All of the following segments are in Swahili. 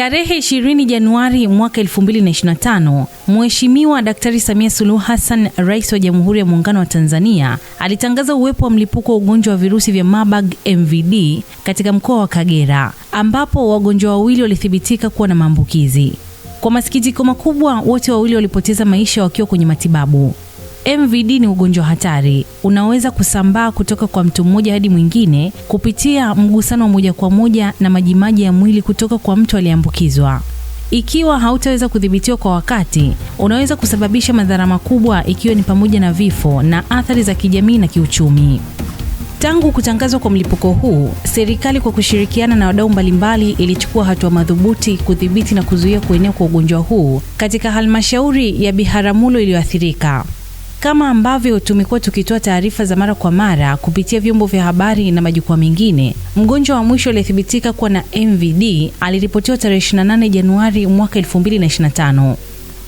Tarehe 20 Januari mwaka 2025, Mheshimiwa Daktari Samia Suluhu Hassan, Rais wa Jamhuri ya Muungano wa Tanzania, alitangaza uwepo wa mlipuko wa ugonjwa wa virusi vya Marburg MVD katika mkoa wa Kagera, ambapo wagonjwa wawili walithibitika kuwa na maambukizi. Kwa masikitiko makubwa, wote wawili walipoteza maisha wakiwa kwenye matibabu. MVD ni ugonjwa hatari, unaweza kusambaa kutoka kwa mtu mmoja hadi mwingine kupitia mgusano wa moja kwa moja na majimaji ya mwili kutoka kwa mtu aliyeambukizwa. Ikiwa hautaweza kudhibitiwa kwa wakati, unaweza kusababisha madhara makubwa ikiwa ni pamoja na vifo na athari za kijamii na kiuchumi. Tangu kutangazwa kwa mlipuko huu, serikali kwa kushirikiana na wadau mbalimbali ilichukua hatua madhubuti kudhibiti na kuzuia kuenea kwa ugonjwa huu katika halmashauri ya Biharamulo iliyoathirika. Kama ambavyo tumekuwa tukitoa taarifa za mara kwa mara kupitia vyombo vya habari na majukwaa mengine, mgonjwa wa mwisho aliyethibitika kuwa na MVD aliripotiwa tarehe 28 Januari mwaka 2025.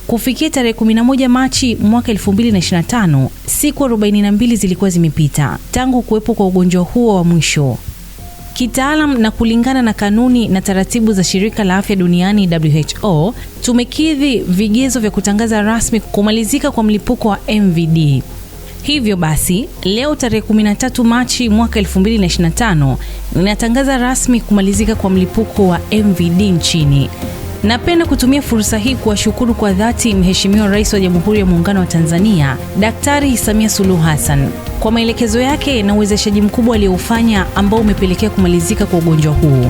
Kufikia tarehe 11 Machi mwaka 2025, siku 42 zilikuwa zimepita tangu kuwepo kwa ugonjwa huo wa mwisho. Kitaalam na kulingana na kanuni na taratibu za shirika la afya duniani WHO, tumekidhi vigezo vya kutangaza rasmi kumalizika kwa mlipuko wa MVD. Hivyo basi leo tarehe 13 Machi mwaka 2025 ninatangaza rasmi kumalizika kwa mlipuko wa MVD nchini. Napenda kutumia fursa hii kuwashukuru kwa dhati Mheshimiwa Rais wa Jamhuri ya Muungano wa Tanzania Daktari Samia Suluhu Hassan kwa maelekezo yake na uwezeshaji mkubwa aliyoufanya ambao umepelekea kumalizika kwa ugonjwa huu.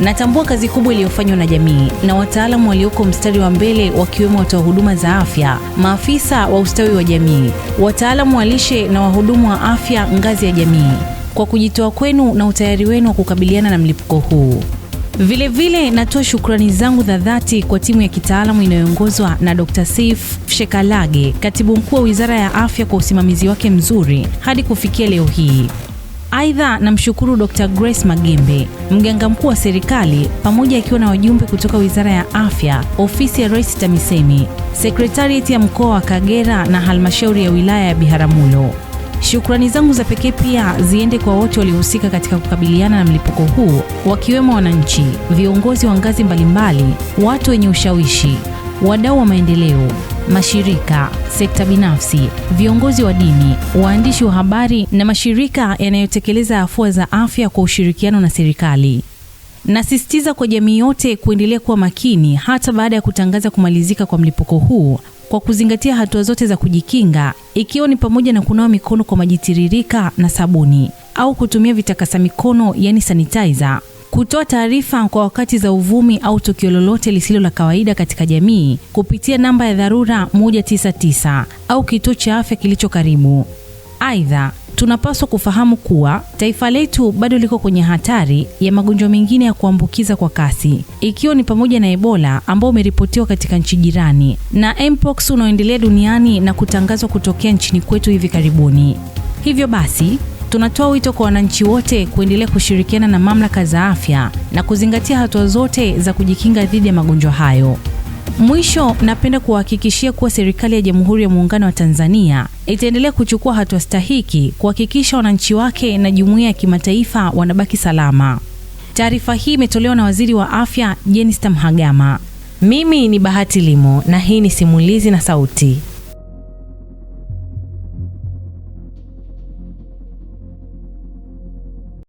Natambua kazi kubwa iliyofanywa na jamii na wataalamu walioko mstari wa mbele wakiwemo watoa huduma za afya, maafisa wa ustawi wa jamii, wataalamu wa lishe na wahudumu wa afya ngazi ya jamii kwa kujitoa kwenu na utayari wenu wa kukabiliana na mlipuko huu. Vilevile natoa shukrani zangu za dhati kwa timu ya kitaalamu inayoongozwa na Dr. Saif Shekalage, katibu mkuu wa Wizara ya Afya kwa usimamizi wake mzuri hadi kufikia leo hii. Aidha, namshukuru Dr. Grace Magembe, mganga mkuu wa serikali, pamoja akiwa na wajumbe kutoka Wizara ya Afya, ofisi ya Rais TAMISEMI, Sekretarieti ya mkoa wa Kagera na halmashauri ya wilaya ya Biharamulo. Shukrani zangu za pekee pia ziende kwa wote waliohusika katika kukabiliana na mlipuko huu, wakiwemo wananchi, viongozi wa ngazi mbalimbali, watu wenye ushawishi, wadau wa maendeleo, mashirika, sekta binafsi, viongozi wa dini, waandishi wa habari na mashirika yanayotekeleza afua za afya kwa ushirikiano na serikali. Nasisitiza kwa jamii yote kuendelea kuwa makini hata baada ya kutangaza kumalizika kwa mlipuko huu kwa kuzingatia hatua zote za kujikinga ikiwa ni pamoja na kunawa mikono kwa maji tiririka na sabuni au kutumia vitakasa mikono yani sanitizer, kutoa taarifa kwa wakati za uvumi au tukio lolote lisilo la kawaida katika jamii kupitia namba ya dharura 199 au kituo cha afya kilicho karibu. Aidha, Tunapaswa kufahamu kuwa taifa letu bado liko kwenye hatari ya magonjwa mengine ya kuambukiza kwa kasi, ikiwa ni pamoja na Ebola ambao umeripotiwa katika nchi jirani na Mpox unaoendelea duniani na kutangazwa kutokea nchini kwetu hivi karibuni. Hivyo basi, tunatoa wito kwa wananchi wote kuendelea kushirikiana na mamlaka za afya na kuzingatia hatua zote za kujikinga dhidi ya magonjwa hayo. Mwisho, napenda kuwahakikishia kuwa serikali ya Jamhuri ya Muungano wa Tanzania itaendelea kuchukua hatua stahiki kuhakikisha wananchi wake na jumuiya ya kimataifa wanabaki salama. Taarifa hii imetolewa na Waziri wa Afya Jenista Mhagama. Mimi ni Bahati Limo na hii ni Simulizi na Sauti.